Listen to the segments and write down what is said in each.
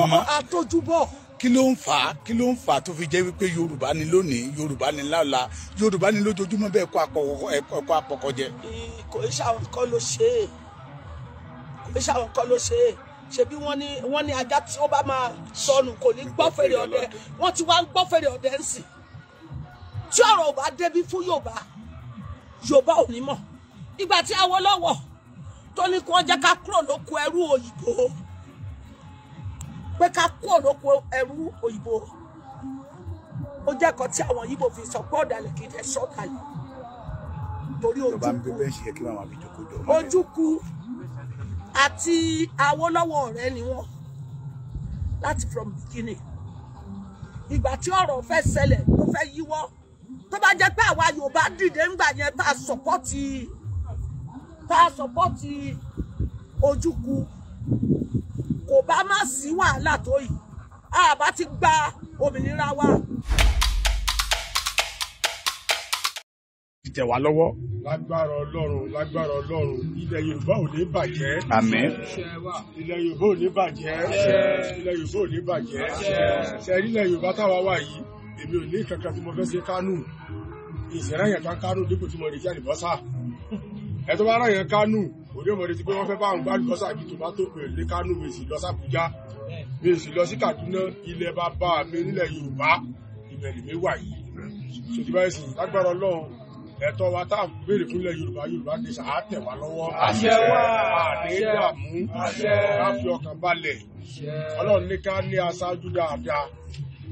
ọmọ àtọ́júbọ̀ kí ló ń fà á kí ló ń fà á tó fi jẹ́ wípé yorùbá ni lónìí yorùbá ni lọ́la yorùbá ni lójoojúmọ́ bẹ́ẹ̀ kó ẹ̀kọ́ àpọ̀kọjẹ. kò í ṣàwọn kọ́ ló ṣe é kò í ṣàwọn kọ́ ló ṣe é ṣebí wọ́n ní wọ́n ní ajá tí ó bá máa sọnù kò ní gbọ́ fèrè ọdẹ wọ́n ti wá ń gbọ́ fèrè ọdẹ ń sìn tí ọ̀rọ̀ ò débi fún yorùbá yorùbá ò ní mọ̀ ìgbà tí Awólọ́wọ̀ tó ní kí wọ́n ká kúrò lóko ẹrú òyìnbó pé ká kú òrókò ẹrú òyìnbó ó jẹ́ ẹ̀kọ́ tí àwọn yìí bò fi sọ pé ọ̀dàlẹ̀ kì í dẹ̀ sọ̀kalẹ̀ torí ojúkú ojúkú àti Awólọ́wọ̀ ọ̀rẹ́ ni wọ́n láti from beginning ìgbà tí ọ̀rọ̀ fẹ́ ṣẹlẹ̀ tó fẹ́ yíwọ́ tó bá jẹ́ pé àwa Yorùbá dìde ńgbà yẹn tá a sọ̀pọ́tì tá ojúkú kò bá má sí wàhálà tó yìí àbá ti gba òmìnira wa. tẹ̀ wá lọ́wọ́. lágbára ọlọ́run lágbára ọlọ́run ilẹ̀ yorùbá ò ní bàjẹ́. àmín. ilẹ̀ yorùbá ò ní bàjẹ́. ilẹ̀ yorùbá ò ní bàjẹ́. sẹ́rí ilẹ̀ yorùbá táwa wà yìí èmi ò ní kankan tí mo fẹ́ ṣe kánú ìṣẹ̀rẹ̀ yẹn kan kánú dípò tí mo lè jẹ́ àlùbọ́sà ẹ̀ tó bá rà yẹn kánú ní òmòdé ti pé wọ́n fẹ́ bá àwọn gbálùbọ́sà bíi tòmátò pẹ̀lú kánò mi sì lọ sàbújá mi sì lọ sí Kaduna ilẹ̀ bàbá mi nílẹ̀ Yorùbá ìbẹ̀rẹ̀ mi wà yìí ṣòtìbá ẹ̀sìn lágbára Ọlọ́run ẹ̀tọ́ wa tá à ń béèrè fúnlẹ̀ Yorùbá Yorùbá ní sàá tẹ̀ wá lọ́wọ́ àṣẹ wa àṣẹ àmú ká fi ọkàn balẹ̀ Ọlọ́run ní ká ní aṣáájú dáadáa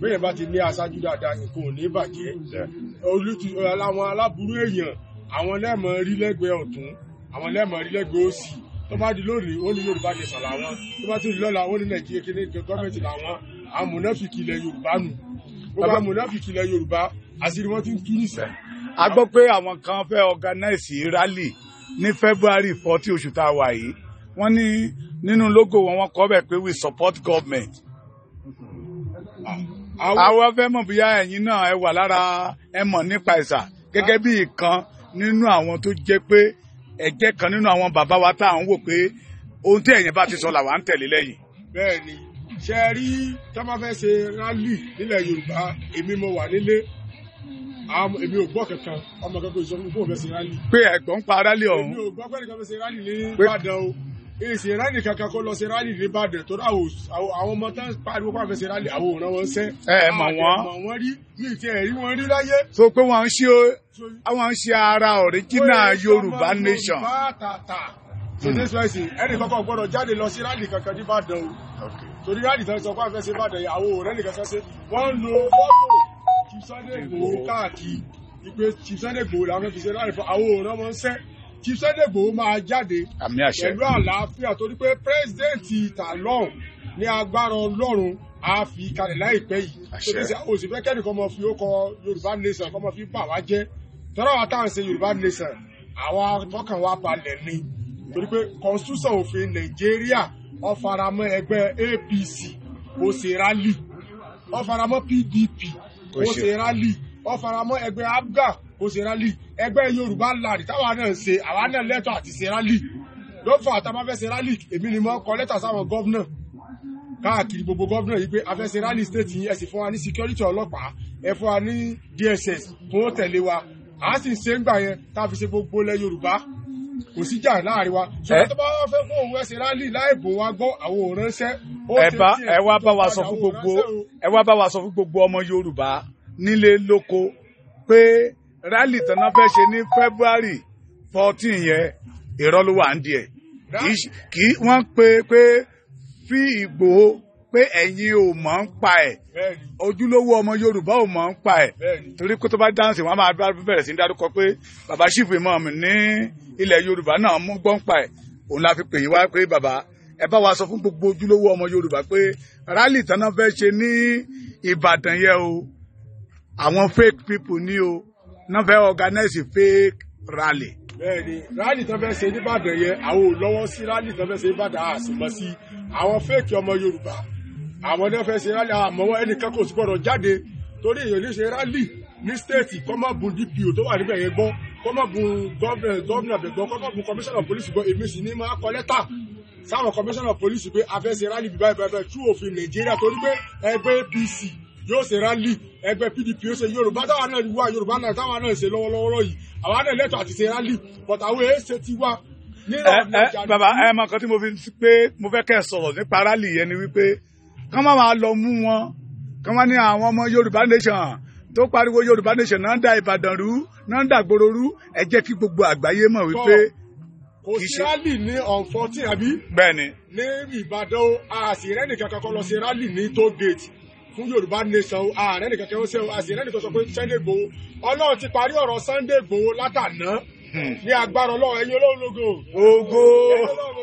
bẹ́ẹ̀ bá ti ní aṣáájú dáadáa nìkan ò ní bàjẹ́ olùtù àwọn aláburú èèyàn àwọn lẹ́ẹ̀mọ́ rí lẹ́gbẹ̀ẹ́ ọ̀tún àwọn lẹ́mọ̀ọ́rí lẹ́gbẹ̀ẹ́ òsì tó bá di lónìí ó ní Yorùbá nation làwọn tó bá tún di lọ́la ó ní Nàìjíríà kéde gọ́ọ̀mẹ̀ntì làwọn àwọn mùnáfìkì ilẹ̀ Yorùbá nù gbogbo àwọn mùnáfìkì ilẹ̀ Yorùbá àṣírí wọn ti ń tú nìṣẹ́. a gbọ́ pé àwọn kan fẹ́ organize rally ní February forty oṣù tá a wà yìí wọ́n ní nínú logo wọn wọ́n kọ́ bẹ̀ pé we support government ah, àwọn fẹ́ mọ̀ bóyá ẹ̀yin náà ẹ wà lára ẹ mọ̀ nípa ẹ̀sà gẹ́gẹ́ bí ìkan nínú àwọn tó jẹ́ pé ẹ jẹ́ kan nínú àwọn bàbá wa tá à ń wò pé ohun tí ẹ̀yin bá ti sọ làwa ń tẹ̀lé lẹ́yìn. bẹ́ẹ̀ni ṣe é rí tábà fẹ́ ṣe rálì nílẹ̀ yorùbá èmi mo wà nílé èmi ò gbọ́ kankan ọmọ kankan ìṣòro fún rálì. pé ẹ̀gbọ́n pa rálì ọ̀hún. èmi ò gbọ́ pẹ́ èsì rálì kankan kó lọ sí rálì nìbàdàn tó dáwò àwọn ọmọ tán pariwo pàfẹ́ sí rálì àwọn òràn wọn sẹ́. ẹ ẹ mọ̀ wọ́n. mọ̀ wọ́n rí mi ti ẹ̀ rí wọn rí láyé. so pé wọ́n ń ṣe àwọn ń ṣe ara original yorùbá nation. so hmm. this way sin ẹnì kankan gbọ́dọ̀ jáde lọ sí rálì kankan nìbàdàn o torí rálì tán sọ pàfẹ́ sí ìbàdàn àwọn òràn nìkan sẹ́sẹ́ wọ́n ń lo fọ́tò kìsọ́dẹ̀ gbòó káàkiri ìpè kìsọ́dẹ̀ gbòó làwọn fi ṣe rálì fún àwọn òràn wọn sẹ́ tí Sunday Igboho máa jáde pẹ̀lú àlàáfíà torí pé pírẹsidẹ́ǹtì ìtàlọ́hùn ní agbára ọlọ́run a fi kalẹ̀ láìpẹ́ yìí ṣèkèsè òsì fẹ́ kẹ́nìkan mọ̀ fi ó kọ Yorùbá nation kọ́ mọ̀ fi bà wá jẹ́ tọ́lá wa tá à ń ṣe Yorùbá nation àwa tọkàn wa balẹ̀ ni torí pé constitution òfin Nàìjíríà ó faramọ́ ẹgbẹ́ APC ó ṣe rálì ó faramọ́ PDP ó ṣe rálì ó faramọ́ ẹgbẹ́ ABGA kó ṣe rálì ẹgbẹ́ yorùbá láàrin táwa náà ń ṣe àwa náà lẹ́tọ̀ àti ṣe rálì ló fà tá a máa fẹ́ ṣe rálì èmi ni mo kọ lẹ́tà sáwọn gọ́vnà káàkiri gbogbo gọ́vnà yìí pé a ṣe rálì stéètì yìí ẹ fún wa ní security ọlọ́pàá ẹ fún wa ní DSS kó tẹ̀lé wa a sì ń ṣe ń gbà yẹn tá a fi ṣe gbogbo ilẹ̀ yorùbá kò sí jà láàrin wa ṣùgbọ́n tó bá fẹ́ fún òun ẹsẹ̀ rálì láì bò wá gbọ́ àwọn òránṣẹ́. ẹ wá bá wa sọ fún gbogbo ẹ wá bá wa sọ fún gbogbo ọmọ yorùbá nílé lóko pé rally tọ́nà fẹ́ ṣe ní February fourteen yẹn irọ́ ló wà ń díẹ̀ kì í wọ́n pe pé fi Ìgbòho pé ẹ̀yin ò mọ̀ ń pa ẹ̀ ojúlówó ọmọ Yorùbá ò mọ̀ ń pa ẹ̀ torí kó tó bá dáhùnsì wọn máa bẹ̀rẹ̀ sí dárúkọ pé bàbá ṣìfù ìmọ̀ mi ní ilẹ̀ Yorùbá náà mú gbọ́n pa ẹ̀ òun la fi pè yín wá pé bàbá ẹ bá wa sọ fún gbogbo ojúlówó ọmọ Yorùbá pé Rally, tán náà fẹ́ ṣe ní Ìbàdàn yẹn o àwọn fake people ní o náà fẹ́ organize fake rally. bẹ́ẹ̀ni rally tó fẹ́ ṣe nìbàdàn yẹn àwọn ò lọ́wọ́ sí rally tó fẹ́ ṣe nìbàdàn àṣìmọ sí àwọn fake ọmọ yorùbá àwọn náà fẹ́ ṣe rally àmọwọ ẹnìkan kò sí gbọ́dọ̀ jáde torí èèyàn ní ṣe rally ní stéètì kọ́mọ̀bù dpo tó wà níbẹ̀ yẹn gbọ́ kọ́mọ̀bù gọ́ọ̀nà bẹ̀ gbọ́ kọ́mọ̀bù kọmíṣánná pólísì gbọ́ èmi sì ní máa kọ lẹ́tà sáwọn kọmíṣánná pólísì pé a fẹ́ ṣe rally bíbáyìí báyìí tú òfin nàìjíríà torí pé ẹgbẹ́ apc yóò ṣe rálì ẹgbẹ́ PDP yóò ṣe Yorùbá táwa náà wá Yorùbá náà táwa náà ṣe lọ́wọ́lọ́wọ́ yìí àwa náà lẹ́tọ̀ọ́ àti ṣe rally, but àwọn èé ṣe ti wá. bàbá ẹ mọ kan tí mo fi pé mo fẹ́ kẹ́ sọ̀rọ̀ nípa rálì yẹn ni wípé kán má máa lọ mú wọn kán má ní àwọn ọmọ Yorùbá nation tó pariwo Yorùbá nation náà da Ìbàdàn rú náà da gbòòrò rú ẹ jẹ́ kí gbogbo àgbáyé mọ̀ wípé kò sí rálì ní ọ̀nfọ́tì àbí. bẹ́ẹ̀ni. ní Ìbàdàn àṣìrẹ́nì kankan kan lọ sí rálì ní tógéètì fún yorùbá nation ààrẹ nìkan kẹwọn ṣe àṣìrẹ nìkan sọ pé Sunday Igboho Ọlọ́run ti parí ọ̀rọ̀ Sunday Igboho látàná hmm. ní agbára Ọlọ́run ẹ̀yin Ọlọ́run lógo ògo ẹ̀yin Ọlọ́run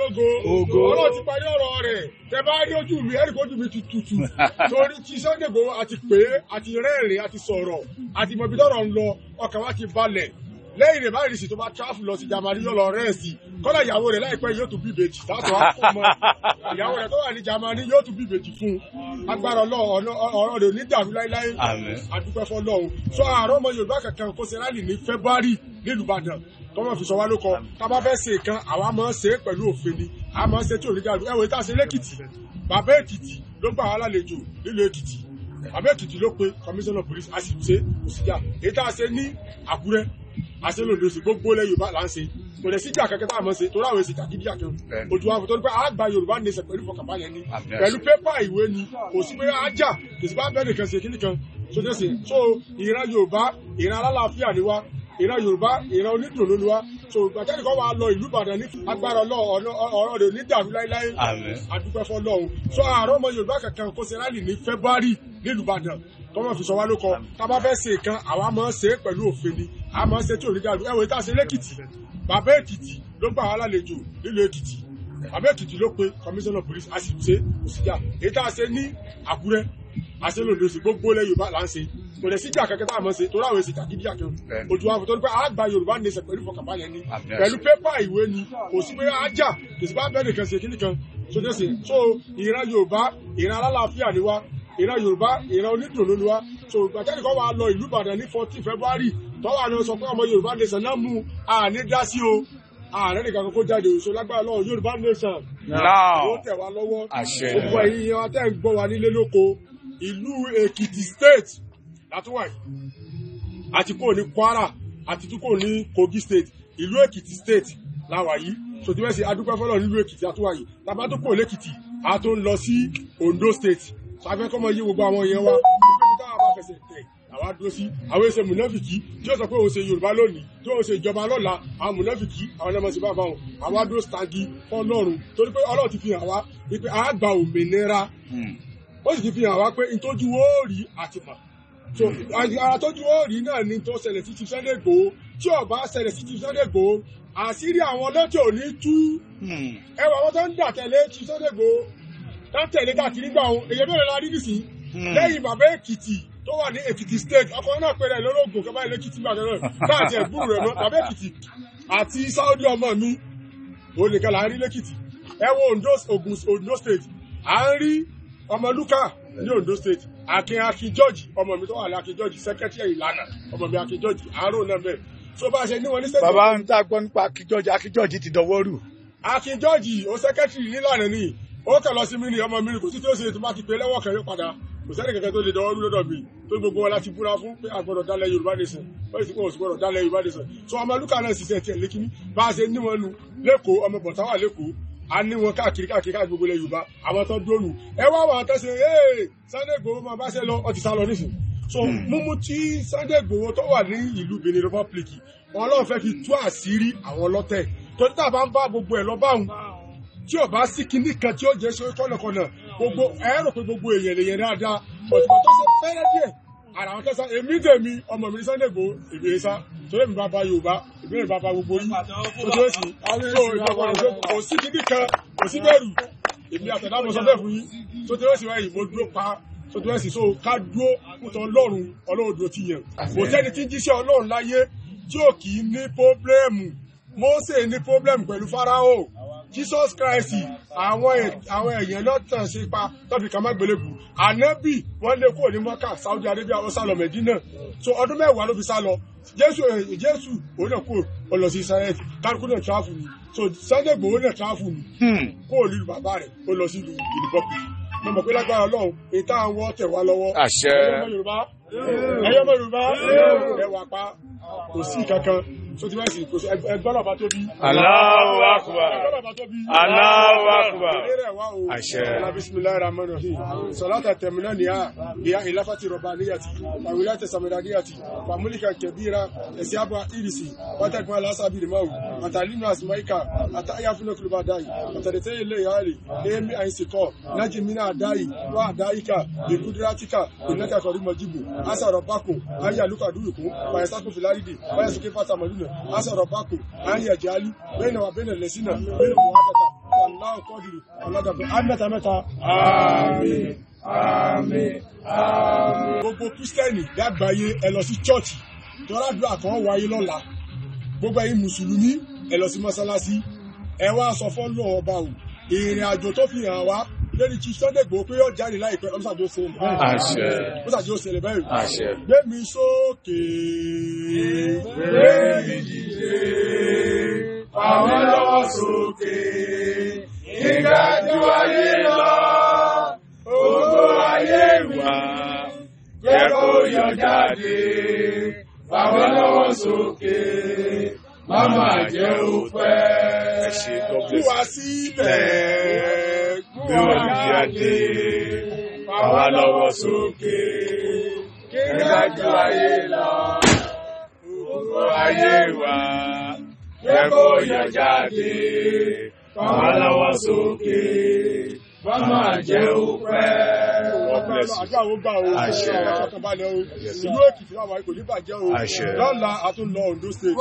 lógo ògo Ọlọ́run ti parí ọ̀rọ̀ rẹ̀ tẹ bá rí ojú mi ẹrí kojú mi tutù torí ti Sunday Igboho àti pé àti rẹ́rìn àti sọ̀rọ̀ àti mọ̀bí lọ́rọ̀ ń lọ ọkàn wa ti balẹ̀ lẹ́yìn rẹ̀ báyìí sì tó bá tráfù lọ sí jamani yóò lọ rẹ́ẹ̀sì kọ́lá ìyàwó rẹ̀ láìpẹ́ yóò tún bí ìbejì tààtọ̀ á kó mọ́ ìyàwó rẹ̀ tó wà ní jamani yóò tún bí ìbejì fún un agbára ọlọ́run ọ̀rọ̀ rẹ̀ onídàrú láíláí àdúpẹ́ fọlọ́run sọ àárọ̀ ọmọ yorùbá kankan kó ṣe rálì ní february nílùú ìbàdàn tọ́mọ̀ fi sọ wá ló kọ tábà fẹ́ ṣe kan àwa máa ń ṣe é pẹ̀lú òfin ni a máa ń ṣe tí òrìjà ẹ wò tá a ṣe lẹ́kìtì bàbá èkìtì ló gbà wá lálejò nílùú èkìtì bàbá èkìtì ló pe commissioner police a sì ṣe kò síjà èyí tá a ṣe ní àkúrẹ́ àṣelòdò sí gbogbo ilẹ̀ yorùbá là ń ṣe kò lè síjà kẹkẹ tá a mọ̀ ṣe torí àwọn èsì tàkìdí àjọ ojú wa tó ní pé àgbà yorùbá ní ẹsẹ̀ pẹ̀lú fọkànbalẹ̀ ni pẹ̀lú pépà ìwé ni kò sí pé ajá kò sí pé abẹ́rẹ́ kan ṣe kíní kan tó tẹ̀sí so ìran yorùbá ìran alálàáfíà ni wa ìran yorùbá ìran onídùnnú ni wa so gbàtẹ́ni kan wàá lọ ìlú Ìbàdàn ní agbára ọlọ́run ọ̀rọ̀ rẹ̀ ní dàrú láíláí àdúpẹ́ fọlọ́run so àárọ̀ ọmọ Yorùbá kankan kó ṣe rálì ní February nílùú Ìbàdàn tọ́mọ̀ fi sọ wá ló kọ tábà fẹ́ ṣe kan àwa máa ń ṣe é pẹ̀lú òfin ni a máa ń ṣe tí ò ní dàrú ẹ̀wọ̀ ìta ṣe lẹ́kìtì bàbá Èkìtì ló gbà wá lálejò nílùú Èkìtì bàbá Èkìtì ló pe commissioner police a sì ṣe kò síjà èyí tá a ṣe ní Àkúrẹ́ àṣẹ lòdì òsì gbogbo ilẹ̀ Yorùbá là ń ṣe kò lè síjà kẹkẹ tá a mọ̀ sí torí àwọn èsì kàkídí àkẹwò òtù àwọn fòtò nípa àgbà yorùbá nation pẹ̀lú fọkànbá yẹn ni pẹ̀lú pépà ìwé ni kò sí pé ajá kò sí pé abẹ́rẹ́ kan ṣe kíní kan tó dé sí so ìran yorùbá ìran alálàáfíà ni wá ìran yorùbá ìran onídùnnú ni wá so gbàjáde kan wà lọ ìlú ìbàdàn ní fourteen february tọ́wọ́ àná sọ pé ọmọ yorùbá nation náà mú àní dá sí o ààrẹ nìkan kan kó jáde òṣò lágbára lọ́wọ́ yorùbá nation ó tẹ̀ wá lọ́wọ́ gbogbo ẹ̀yin ẹ̀yin wa tẹ́ ń gbọ́ wa nílé lóko ìlú èkìtì state tàtúwà yìí àti kò ní Kwara àti tún kò ní Kogi state ìlú Èkìtì state làwà yìí sòdíwẹ́sì adúpẹ́ fọlọ́ nílùú Èkìtì àtúwà yìí làbá tó kò lẹ́kìtì a tó ń lọ sí Ondo state sàfẹ́kọ́mọ yí gbogbo àwọn èèyàn wa nígbà tí táwọn bá fẹsẹ̀ tẹ̀ àwa dúró sí àwọn ẹsẹ̀ mùnáfìkì tí ó sọ pé òun ṣe yorùbá lónìí tí òun ṣe ìjọba lọ́la àwọn mùnáfìkì àwọn ẹlẹ́mọ̀ sí bàbá wọn àwa dúró stangi fọlọ́run torí pé ọlọ́run ti fi hàn wá wípé a gba òmìnira hmm. ó sì ti fi hàn wá pé ìtọ́jú ó àtìmọ̀ so ara tó dúró rí náà ni tó ṣẹlẹ̀ sí Chief Sunday Igboho tí ó bá ṣẹlẹ̀ sí Chief Sunday Igboho àṣírí àwọn lọ́tì ò ní tú hmm. ẹwà àwọn tó ń dà tẹ̀lé Chief Sunday Igboho látẹ̀lé káàkiri gbà wọn èyí mẹ́rin la rí nìsín hmm. lẹ́yìn bàbá Èkìtì tó wà ní Èkìtì state ọkùnrin náà pẹ̀lẹ́ lọ́lọ́gùn kẹfà ilé Èkìtì gbàgbẹ́ náà káàtì ẹ̀gbùn rẹ̀ mọ́ bàbá Èkìtì àti Saudi ọmọ mi òun nìkan là ń rí lẹ́kìtì ẹ wo Ondo Ogun Ondo state à ń rí ọmọ Luka ní Ondo state akin akin george ọmọ mi tó wà lákin george secretary ìlànà ọmọ mi akin george àárò náà bẹ́ẹ̀ tó bá ṣe níwọ̀n ní sẹ́kẹ̀tì. bàbá ń tá gbọ́ nípa akin george akin george ti dọ̀wọ́ rù. akin george ó secretary nílànà ni ó kàn lọ sí mi ní ọmọ mi kò sí tí ó ṣe tó bá ti pé lẹ́wọ̀n kẹrin padà kò sẹ́ni kankan tó lè dọwọ́ rú lọ́dọ̀ mi tó gbogbo wọn láti búra fún pé àgbọ̀dọ̀ dálẹ̀ yorùbá nation wọ́n sì gbọ́dọ̀ gbọ́dọ̀ dálẹ̀ yorùbá nation so ọmọ lúkà náà ṣiṣẹ́ tiẹ̀ lékiní bá a ṣe níwọ̀n nu lẹ́kọ̀ọ́ ọmọ bọ̀tá wà lẹ́kọ̀ọ́ a ní wọn káàkiri káàkiri káàkiri gbogbo ilẹ̀ yorùbá àwọn tó dóòlù ẹ wá wà tẹ́sí ee Sunday Igboho máa bá ṣe lọ ọtí sá lọ nísìn so mímú hmm. tí Sunday Igboho tó wà ní ìlú Benin Republic ọlọ́run fẹ́ fi tú àṣírí àwọn lọ́tẹ̀ torí tá a bá ń bá gbogbo ẹ̀ lọ tí ò sí kinní kan tí ó jẹ́ ṣe kọ́nàkọ́nà gbogbo ẹ̀rọ pé gbogbo èèyàn lè yẹn dáadáa ọ̀tún tó ṣe fẹ́rẹ́ díẹ̀ ara àwọn tẹ́sán èmi tèmi ọmọ mi Sunday Igboho ìbéèrè sá torí èmi bàbá Yorùbá ìbéèrè bàbá gbogbo yìí tó tó èsì tó ìgbàgbọ́ kò sí kíkí kan kò sí bẹ́ẹ̀rù èmi àtẹ̀dá sọ bẹ́ẹ̀ fún yín tó tó èsì wáyé mo dúró pa tó tó èsì so ká dúró kútọ Ọlọ́run Ọlọ́run ti yẹn kò sẹ́ni tí jíṣẹ́ Ọlọ́run láyé tí ò kì í ní pọ́blẹ́mù Mósè ní pọ́blẹ́mù pẹ̀lú Fáráò jesus christ àwọn èèyàn lọ́tàn ṣe pa tọ́fi kan má gbélébù ànábì wọ́n lé kúrò ní mọ́kà saudi arabia ó sálọ mẹ́dínà so ọdún mẹ́wàá ló fi sálọ jésù eh, jésù òun náà kúrò ó lọ sí israẹli kálukú náà tíráfù ni so sunday igbòho náà tíráfù ni kó o lílu bàbá rẹ ó lọ sí ìlú ìlúbọ̀kì mo mọ̀ pé lágbára ọlọ́run èyí tá à ń wọ́ tẹ̀ wá lọ́wọ́ ẹ̀yọ́ mọ̀ yorùbá ẹ̀wà pa kò sí kankan so ti wá sí kò sí ẹgbọ́n ọba tó bí. Allahu akbar Allahu akbar àṣẹ. bisimilayi rahman rahim salata tẹmínà ni a bí a ìlàfàtì rọba níyàtì àwílá tẹ sàmìlà níyàtì pàmúlìkà kẹbíra ẹsẹ àbọ irisi pátákì máa lásà bìrì máwù àtàlínú àsìmáìkà àtàyà fúnà kúrúbà dáì àtàdẹtẹ ilé ìyá rè léèmí àìsìkọ nájì mí náà dáì wà dáìkà bìkúdúrátìkà ìnákàkọrí mọjìbù àṣà rọbákùn ayé àlùkàdúrùkún pàyẹsàkùn fìlárìdì pàyẹsùkè fàtàmọlùnà الفتنة أسأل ربكم أن يجعل بيننا وبين الذين منهم موافقة والله قادر على ذلك أن تمتع آمين آمين آمين gbogbo kírísítẹ́nì lágbàáyé ìrìn àjò tó fi hàn wá lórí ti Sunday Igboho pé yóò jáde láìpẹ́ ọlọ́sàdì ó ṣẹlẹ̀ báyìí ọlọ́sàdì ó ṣẹlẹ̀ báyìí gbé mi sókè gbé mi dìde àwọn lọ́wọ́ sókè ìgbà ju ayé lọ ògo ayé wà jẹ́ kó yọ jáde àwọn lọ́wọ́ sókè mama jẹ́ òpẹ́ wá sílẹ̀ gbé wa jáde àwa lọ́wọ́ sókè kíkájú ayé lọ gbogbo ayé wa lẹ́kọ̀ọ́ yọ jáde àwa lọ́wọ́ sókè bá máa jẹ́ òpẹ́ bless you. àdúrà ó gbà o àṣẹ àṣàkànbalẹ̀ o ìlú èkìtì náà wáyé kò ní bàjẹ́ o lọ́la a tún lọ ondo state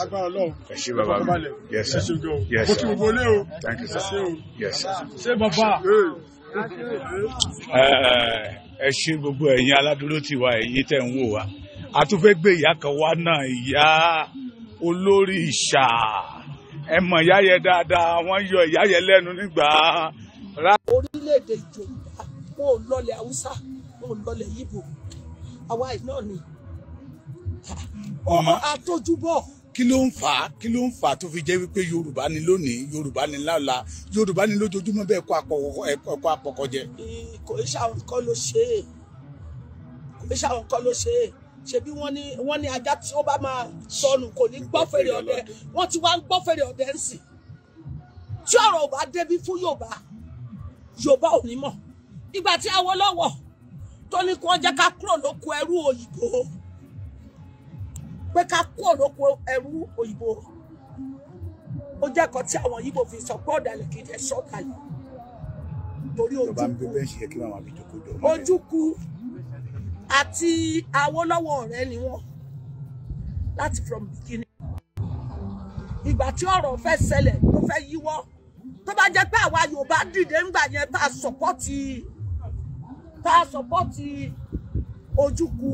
lágbára lọ́hùn ẹ̀ṣin bàbá mi ẹ̀ṣin gan o mo kí gbogbo ilé o ṣe bàbá. ẹ ṣe gbogbo ẹ̀yin aládùúró tiwa ẹ̀yin tẹ̀ ń wò wá a tún fẹ́ gbé ìyá kan wá náà ìyá olórí ìṣà ẹ mọ̀ ìyá yẹn dáadáa wọ́n yọ ìyá yẹn lẹ́nu nígbà. orílẹ̀-èdè ìjọba wọn ò lọlẹ̀ haúsá wọn ò lọlẹ̀ yíbo àwa náà ni. ọmọ àtọjúbọ. kí ló ń fà á kí ló ń fà á tó fi jẹ́ wípé yorùbá ni lónìí yorùbá ni lọ́la yorùbá ni lójoojúmọ́ bẹ́ẹ̀ kó ẹ̀kọ́ àpọ̀kọ jẹ. kò í ṣàwọn nǹkan ló ṣe é kò í ṣàwọn nǹkan ló ṣe é ṣebí wọ́n ní wọ́n ní ajá tí ó bá máa sọnù kò ní gbọ́ fèrè ọdẹ wọ́n ti wá ń gbọ́ fèrè ọdẹ ń sìn tí ọ̀rọ̀ ò bá débi fún yorùbá yorùbá ò ní mọ̀ ìgbà tí Awólọ́wọ̀ tó ní kí wọ́n jẹ́ ká kúrò lóko ẹrú òyìnbó pé ká kúrò lóko ẹrú òyìnbó ó jẹ́ kan tí àwọn yìí kò fi sọ pé ọ̀dàlẹ̀ kì í jẹ́ sọ́kàlẹ̀ torí ojúkú ojúkú àti Awólọ́wọ̀ ọ̀rẹ́ ni wọ́n láti from beginning ìgbà tí ọ̀rọ̀ fẹ́ ṣẹlẹ̀ tó fẹ́ yíwọ́ tó bá jẹ́ pé àwa Yorùbá dìde ńgbà yẹn bá sọ́pọ́tì tá a sọpọ́tì ojúku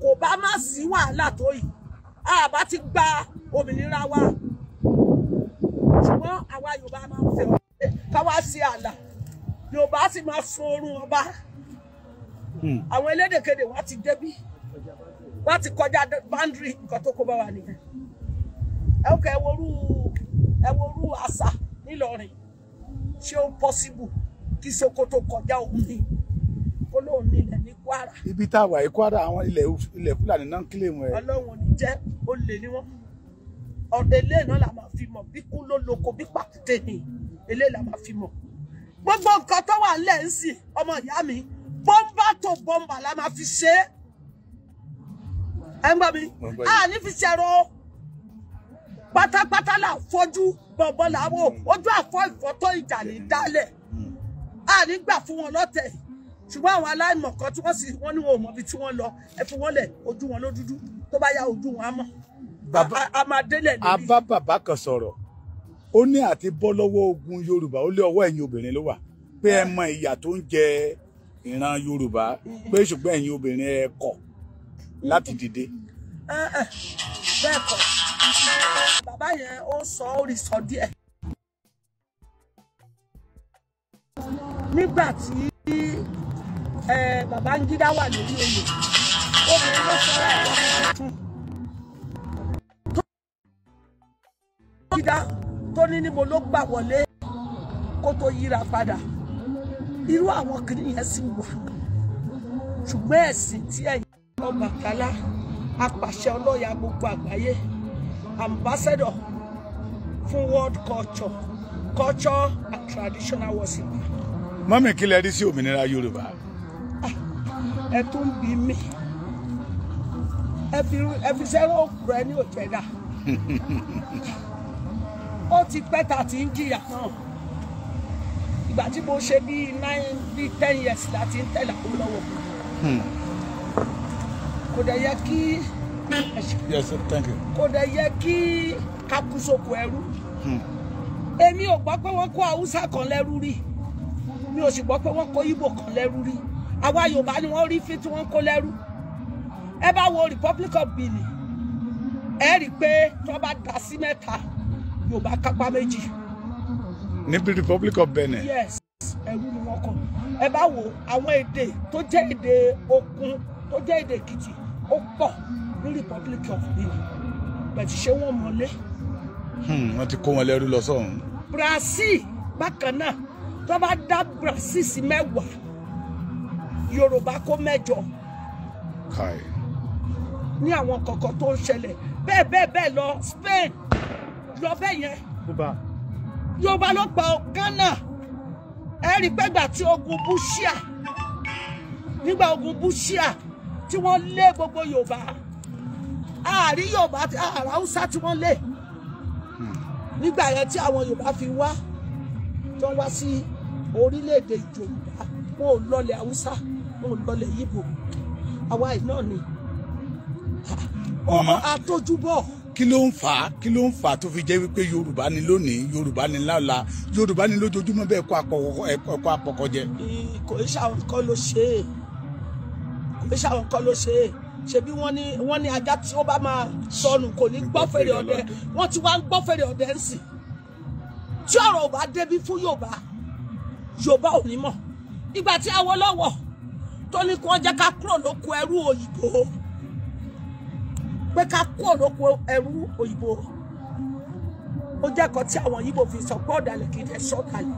kò bá má sí wàhálà tó yìí a bá ti gba òmìnira wa ṣùgbọ́n àwa Yorùbá máa ń fẹ́ káwá sí àlà Yorùbá sì máa sun oorun ọba hmm. àwọn elédèkedè wa ti débí wa ti kọjá báńdírì nǹkan tó kó bá wa nìyẹn ẹ ó kẹ ẹ worú ẹ worú àṣà ńìlọrin ṣé ó possible kí Sokoto kọjá òun ni ó lóun ní ilẹ̀ ní Kwara. ibi tá a wà yìí Kwara àwọn ilẹ̀ ilẹ̀ Fúlàní náà ń kílè mọ́ ẹ. Ọlọ́run ò ní jẹ́ olè ni wọ́n ọ̀dọ̀ ilé náà la máa fi mọ̀ bí kú ló loko bí pàkúté ni ilé la máa fi mọ̀ gbogbo nǹkan tó wà nílẹ̀ ń sìn ọmọ ìyá mi bọ́mbà tó bọ́mbà la máa fi ṣe é ẹ ń gbọ́ mi a ní fi ṣẹ̀rọ pátápátá là fojú bọ̀bọ̀ làwọn ojú àfọ ìfọ́tọ́ ìjà ní dálẹ̀ a ní gbà fún wọn lọ́tẹ̀ ṣùgbọ́n àwọn aláìmọ̀kan tí wọ́n sì wọ́n ní wọn ò mọ̀bi tí wọ́n lọ ẹ fi wọ́n lẹ̀ ojú wọn ló dúdú tó bá ya ojú wọn á mọ̀ a máa délẹ̀ lórí. a bàbá kan sọ̀rọ̀ ó ní àti bọ́ lọ́wọ́ ogun yorùbá ó lé ọwọ́ ẹ̀yin obìnrin ló wà pé ẹ mọ ìyà tó ń jẹ ìran yorùbá pé ṣùgbọ́n ẹ̀yin obìnrin ẹ kọ̀ láti dìde. Eh, eh, bẹ́ẹ̀ kọ́ bàbá yẹn ó sọ ó rí sọ díẹ̀. nígbà tí Babangida wà lórí oyè obìnrin ló sọ ẹ̀ lọ́wọ́ fún Babangida tó ní níbo ló gbà wọlé kó tó yíra padà irú àwọn kìnìún yẹn sì wà ṣùgbọ́n ẹ̀sìn tí ẹ̀yìn Ọbàtálá apàṣẹ ọlọ́ya gbogbo àgbáyé ambassador fún world culture culture and traditional worship. mọ́mí kí lẹ rí sí òmìnira yorùbá. Ah, ẹ tún bí mi ẹ fi sẹ́rọ̀ òkúrọ̀ ẹ ní òjẹ́dà ó ti pẹ́ ta ti ń jìyà náà ìgbà tí mo ṣe bíi nine bíi ten years la ti ń tẹ̀lé àpò lọ́wọ́ hmm. kò dẹ̀ yẹ kí yes thank you kò dẹ̀ yẹ kí kakusoko ẹrú. Hmm èmi ò gbọ́ pé wọ́n kó haúsá kan lẹ́rú rí mi ò sì gbọ́ pé wọ́n kó Ìgbò kan lẹ́rú rí àwa Yorùbá ni wọ́n rí fi tí wọ́n kó lẹ́rú ẹ bá wo Republic of Benin ẹ rí i pé tí wọ́n bá dá sí mẹ́ta Yorùbá kápá méjì. níbi Republic of Benin. yes ẹrú ni wọ́n kọ ẹ bá wo àwọn èdè tó jẹ́ èdè Òkun tó jẹ́ èdè Èkìtì ó pọ̀ ní Republic of Benin bẹ̀tì ṣé wọ́n mọ̀lé. Hmm, wọ́n ti kó wọn lẹ́rú lọ sọ́hún. Brazil bákan náà tó bá dá Brazil sí mẹ́wàá Yorùbá kó mẹ́jọ ní àwọn kọ̀ọ̀kan tó ń ṣẹlẹ̀ bẹ́ẹ̀ bẹ́ẹ̀ bẹ́ẹ̀ lọ Spain lọ bẹ́ẹ̀ yẹn Yorùbá ló pa Ghana ẹ rí i pé gbà tí ogun Bushia nígbà ogun Bushia tí wọ́n lé gbogbo Yorùbá àárí Yorùbá àárí Haúsá tí wọ́n lé nígbà yẹn tí àwọn Yorùbá fi wá tó wá sí orílẹ̀-èdè Yorùbá wọn ò lọlẹ̀ Haúsá wọn ò lọlẹ̀ Yíbò àwa iná ni ọmọ àtọjúbọ̀ kí ló ń fà á kí ló ń fà á tó fi jẹ́ wípé yorùbá ni lónìí yorùbá ni lọ́la yorùbá ni lójoojúmọ́ bẹ́ẹ̀ kó ẹ̀kọ́ jẹ. kò í ṣàwọn kan ló ṣe é kò í ṣàwọn kan ló ṣe é ṣebí wọ́n ní wọ́n ní ajá tí ó bá máa sọnù kò ní gbọ́ fèrè ọdẹ wọ́n ti wá ń gbọ́ fèrè ọdẹ ń sìn tí ọ̀rọ̀ ò bá débi fún Yorùbá Yorùbá ò ní mọ̀ ìgbà tí Awólọ́wọ̀ tó ní kí wọ́n jẹ́ ká kúrò lóko ẹrú òyìnbó pé ká kúrò lóko ẹrú òyìnbó ó jẹ́ ẹ̀kọ́ tí àwọn yìí bò fi sọ pé ọ̀dàlẹ̀ kì í fẹ́ sọ́kàlẹ̀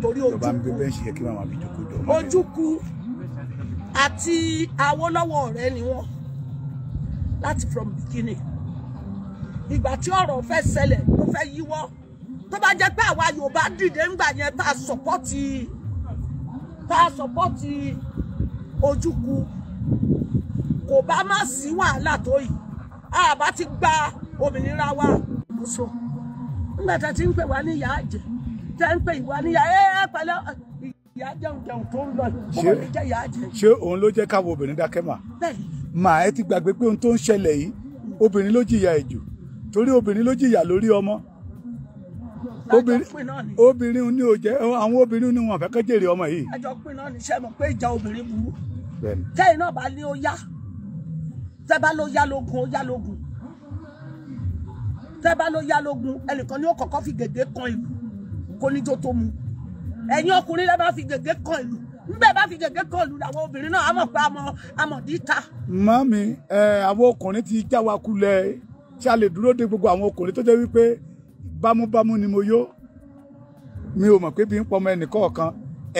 torí ojúkú ojúkú àti Awólọ́wọ̀ ọ̀rẹ́ ni wọ́n láti from beginning ìgbà tí ọ̀rọ̀ fẹ́ ṣẹlẹ̀ ló fẹ́ yíwọ́ tó bá jẹ́ pé àwa Yorùbá dìde ńgbà yẹn tá a sọ̀pọ́tì tá a sọ̀pọ́tì Ojukwu kò bá má sí wàhálà tó yìí àbá ti gba òmìnira wa kò so ńgbà tá a ti ń pè wá níyà àjẹ tẹ́ ń pè ìwà níyà ẹ ẹ pẹ̀lẹ́ ìyá jẹun jẹun tó ń lọ yìí bó jẹ ìyá jẹ. ṣé òun ló jẹ́ káwọ obìnrin dákẹ́ mà. mà ẹ ti gbàgbé pé ohun tó ń ṣẹlẹ̀ yìí obìnrin ló jìyà ẹ̀jù torí obìnrin ló jìyà lórí ọmọ obìnrin ni ò jẹ àwọn obìnrin ni wọn fẹ́ kẹ́ jèrè ọmọ yìí. ẹjọ pin náà ní ṣe mọ̀ pé ìjà obìnrin burú tẹ̀yin náà bá ní ó yá tẹ́ bá ló yá lógun ó yá lógun tẹ́ bá ló yá lógun ẹnìkan ni ó kọ́kọ́ fi gègé kan ìlú kó níjó tó mu ẹ̀yin ọkùnrin lẹ́ bá fi gègé kan ìlú nbẹ bá fi gègé kan lù àwọn obìnrin náà àmọ pé àmọ àmọ díta. mami ẹ àwọn ọkùnrin ti já wa kulẹ̀ tí a lè dúró de gbogbo àwọn ọkùnrin tó jẹ́ wípé bámúbámú ni mo yó mi ò mọ̀ pé bí n pọmọ ẹnìkọ̀ọ̀kan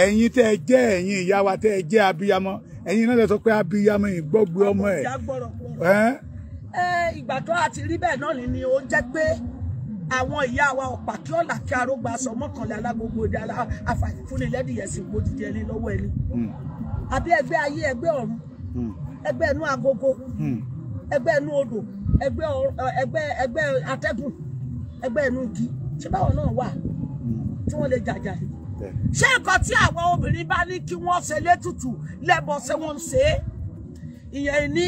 ẹ̀yin tẹ́ ẹ jẹ́ ẹ̀yin ìyá wa tẹ́ ẹ jẹ́ abiyamọ ẹ̀yin náà lè sọ pé abiyamọ ìgbọ́gbé ọmọ ẹ̀. ẹ ìgbà tó a ti rí bẹ́ẹ̀ náà ni ó jẹ́ pé àwọn ìyá wa ọ̀pàkí ọ̀là kí arógbá aṣọ mọ́kànlá alágbogbo òde afàfúnilẹ́dìyẹ sì gbó jíjẹ lé lọ́wọ́ ẹni hmm. àbí ẹgbẹ́ ayé ẹgbẹ́ ọ̀run hmm. ẹgbẹ́ inú agogo hmm. ẹgbẹ́ inú odò ẹgbẹ́ ẹgbẹ́ ẹgbẹ́ atẹ́gùn ẹgbẹ́ inú igi ṣé báwọn náà wà tí wọ́n lè jàjà yìí ṣé nǹkan tí àwọn obìnrin bá ní kí wọ́n ṣe létùtù lẹ́bọ̀ ṣé wọ́n ń ṣe é ìyẹn ní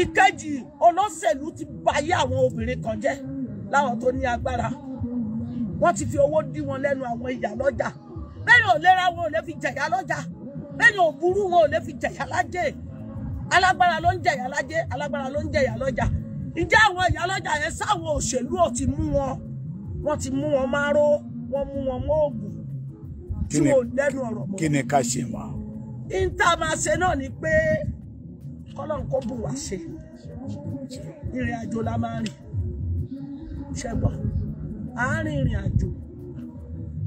ìkejì olóṣèlú ti bayé àwọn obìnrin kan jẹ́ láwọn tó ní agbára wọ́n ti fi owó dí wọn lẹ́nu àwọn ìyá lọ́jà bẹ́ẹ̀ni ò lera wọn ò lè fi jẹ̀yà lọ́jà bẹ́ẹ̀ni ò burú wọn ò lè fi jẹ̀yà lájẹ alágbára ló ń jẹ̀yà lájẹ alágbára ló ń jẹ̀yà lọ́jà ǹjẹ́ àwọn ìyá lọ́jà yẹn sáwọn òṣèlú ò ti mú wọn wọ́n ti mú wọn máró wọ́n mú wọn mọ́ tí wọn ò lẹ́nu ọ̀rọ̀ mọ́. kí ni ká ṣe mọ́. níta náà ni pé kọ́lọ́n bù wá ṣe ìrìn àjò la máa rìn ṣẹgbọn àárín ìrìn àjò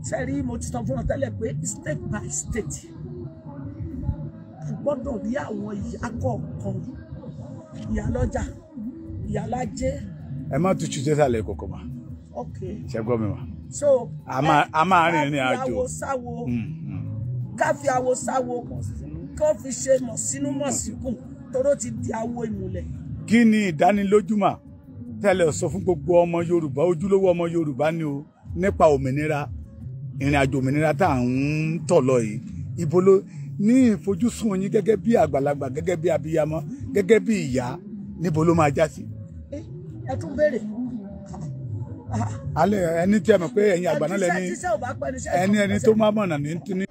sẹ́rí mo ti sọ fún wọn tẹ́lẹ̀ pé state by state a gbọ́dọ̀ rí àwọn ìyá kọ̀ọ̀kan ìyálọ́jà ìyálájẹ́. ẹ má tutù sísàlẹ̀ kòkò mà ṣe gbọ́ mi mà. so a máa rìn ìrìn àjò mm, mm. ká fi awo sáwo kó fi ṣe mọ̀ sínú mọ̀ síkùn toró ti di awo ìmùlẹ̀. kí ni ìdánilójúmọ̀ tẹ́lẹ̀ sọ fún gbogbo ọmọ Yorùbá ojúlówó ọmọ Yorùbá ni o nípa òmìnira ìrìn àjò òmìnira tá à ń tọ̀ lọ yìí ibo ló ní ìfojúsùn yín gẹ́gẹ́ bí àgbàlagbà gẹ́gẹ́ bí abiyamọ gẹ́gẹ́ bí ìyá níbo ló máa já sí. ẹ tún béèrè. alẹ́ ẹni tí a mọ̀ pé ẹ̀yin àgbà náà lẹ́ni ẹni ẹni tó máa mọ̀nà ní